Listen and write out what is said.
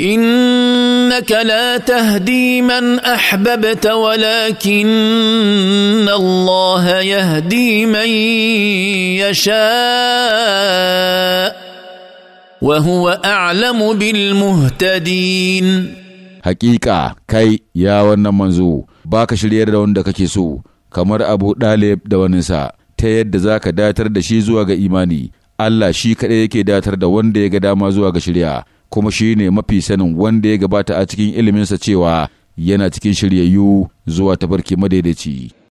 انك لا تهدي من احببت ولكن الله يهدي من يشاء وهو اعلم بالمهتدين حقيقه كي يا wannan manzo baka shirya da wanda kake so kamar Abu Dalib da waninsa ta yadda zaka datar da shi zuwa ga imani Allah shi kaɗai yake datar da wanda ya ga dama zuwa ga shirya kuma shi ne mafi sanin wanda ya gabata a cikin iliminsa cewa yana cikin shiryayyu zuwa tafarki madaidaici.